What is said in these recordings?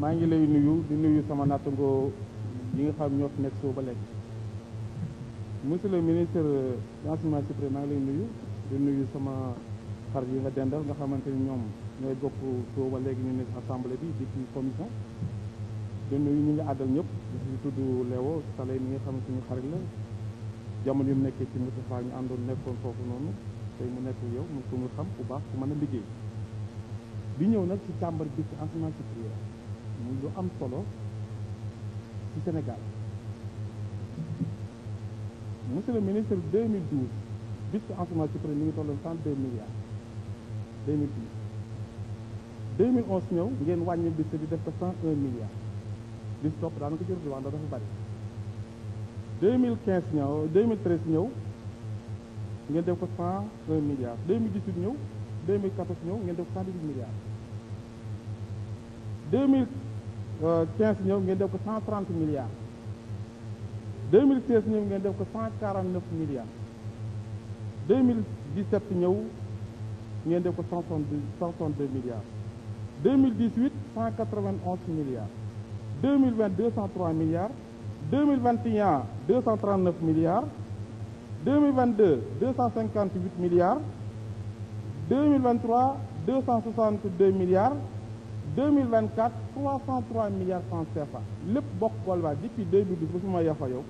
maa ngi lay nuyu di nuyu sama nattangoo yi nga xam ñoo nekk soo ba léegi monsieur le ministre de l'enseignement supérieur maa ngi lay nuyu di nuyu sama xarit yi nga dendal nga xamante ni ñoom ñooy bokk soo ba léegi ñu nekk assemblée bi di ci commission di nuyu ñi nga àddal ñëpp di tudd Léwo Salé mi nga xam ne suñu xarit la jamono yu mu nekkee ci Moustapha ñu àndoon nekkoon foofu noonu tey mu nekk yow mu ko xam bu baax ku mën a liggéey bi ñëw nag ci càmbar bi ci muy lu am solo ci Sénégal mu le ministre 2012 bis en ce moment ci pré ñu ngi toll tolloon 32 milliards 2012 2011 ñëw ngeen wàññi bis bi def ko 101 milliards bis topp ko jër di wax ndax dafa bari 2015 ñëw 2013 ñëw ngeen def ko 101 milliards 2018 ñëw 2014 ñëw ngeen def ko 118 milliards deux mille quinze ñëw ngeen def ko cent trente milliards deux mille seize ñëw ngeen def ko cent quarante neuf milliards deux mille dix sept ñëw ngeen def ko cent soixante deux milliards deux mille dix huit cent quatre vingt onze milliards deux mille vingt deux cent trois milliards deux mille vingt et un deux cent trente neuf milliards deux mille vingt deux deux cent cinquante huit milliards deux mille vingt trois deux cent soixante deux milliards 2024 303 milliards francs CFA lépp bokk Colobane depuis 2012 ba fi ma yafa yow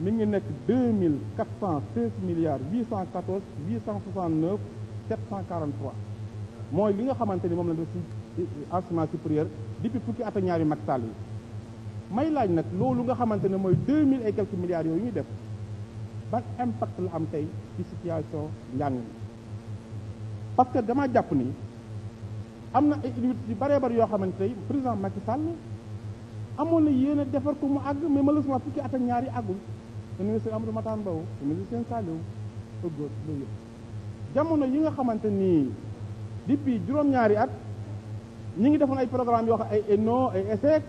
mi ngi nekk 2416 milliards 814 869 743 mooy li nga xamante ni moom la def si enseignement supérieur depuis fukki at ak ñaari Macky yi may laaj nag loolu nga xamante ne mooy 2000 et quelques milliards yooyu ñu def ban impact la am tey ci situation njàng mi parce que dama jàpp nii am na ay yu bëree bëri yoo xamante ne président Macky Sall amoon na yéen a defar ko mu àgg mais malheureusement fukki at ak ñaar yi àggul le ministre Amadou Mahtar Mbow le ministre Sène Saliou jamono yi nga xamante nii depuis juróom-ñaari at ñi ngi defoon ay programme yoo xam ay ENO ay ESSEC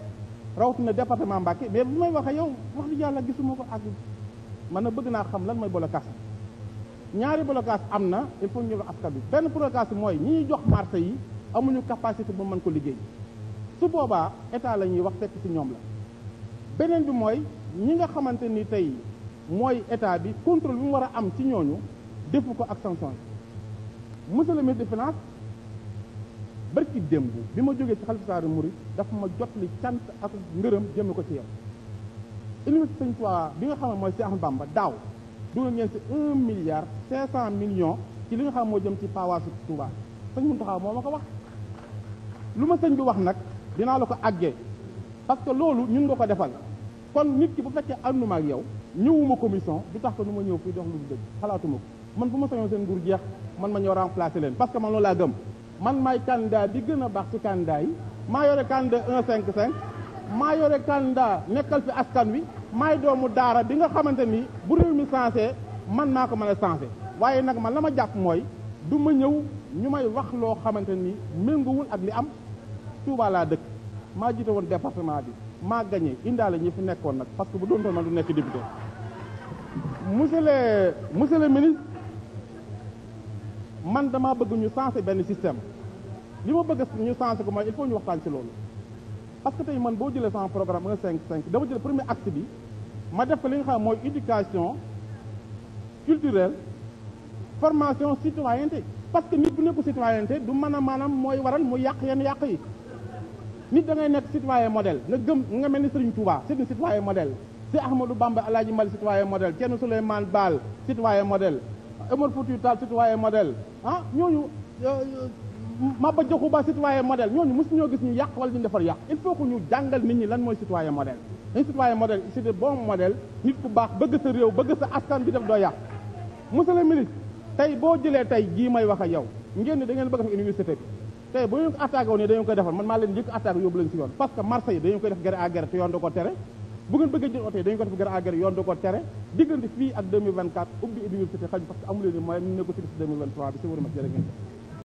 rawatina département mais bu may waxee yow wax dëgg yàlla gisuma ko àgg man na bëgg naa xam lan mooy blocage ñaari blocage am na il faut ñu askan bi benn blocage mooy ñi ñuy jox marché yi amuñu capacité bu mën ko liggéey su boobaa état la ñuy wax fekk ci ñoom la beneen bi mooy ñi nga xamante ni tey mooy état bi contrôle bi mu war a am ci ñooñu defu ko ak sanction monsieur le ministre des finances barki démb bi ma jógee ci xalifa Saaru Murid dafa ma jot li cant ak ngërëm jëme ko ci yow université Sëñ Tuubaa bi nga xam ne mooy Cheikh Ahmadou Bamba daaw dugal ngeen si un milliard cinq cent millions ci li nga xam moo jëm ci Pawaasu Touba Sëñ Muntaxa moo ma ko wax lu ma sëñ bi wax nag dinaa la ko àggee parce que loolu ñun nga ko defal kon nit ki bu fekkee ànduma ak yow ñëwuma commission du tax ko nu ma ñëw fii dox lu dëgg xalaatuma ko man bu ma sañoon seen nguur jeex man ma ñëw remplacer leen parce que man loolu laa gëm man may candidat di gën a baax ci kandaa yi maa yore candidat 155 maa yore candidat nekkal fi askan wi maay doomu daara bi nga xamante ni bu réew mi sensé man maa ko mën a sensé waaye nag man la ma jàpp mooy du ma ñëw ñu may wax loo xamante ni méngoowul ak li am Touba laa dëkk maa jiite woon département bi maa gagné indaale ñi fi nekkoon nag parce que bu doon toon man du nekk député monsieur le monsieur le ministre man damaa bëgg ñu sance benn système li ma bëgg ñu sensé ko ma il faut ñu waxtaan si loolu parce que tey man boo jëlee sama programme 1 cinq 5 dama jël premier acte bi ma def ko li nga xam mooy éducation culturelle formation citoyenneté parce que nit bu nekku citoyenneté du mën a maanaam mooy waral mu yàq yenn yàq yi nit da ngay nekk citoyen modèle na gëm nga mel ni Serigne Touba c'est un citoyen modèle si Ahmadou Bamba Alaaji Mali citoyen modèle Thierno Souleymane Baal citoyen modèle Omar Foutiyou Tall citoyen modèle ah ñooñu euh, euh, Maba Diakhou Ba citoyen modèle ñooñu mosu ñoo gis ñu yàq wala ñu defar yàq il faut que ñu jàngal nit ñi lan mooy citoyen modèle un citoyen modèle c'est de bon modèle nit ku baax bëgg sa réew bëgg sa askan bi def doo yàq monsieur le ministre tey boo jëlee tey jii may wax ak yow ngeen ne da ngeen bëgg a tey bu ñu attaqué woon ne dañu koy defal man maa leen njëkk attaqué yóbbu leen si yoon parce que marché yi dañu koy def gré à gré te yoon da ko tere bu ngeen bëgg a dañu ko def gré à gré yoon da ko tere diggante fii ak 2024 ubbi université xaju parce que amu leen ni moyen ñu négocier si bi si wër ma jërë ngeen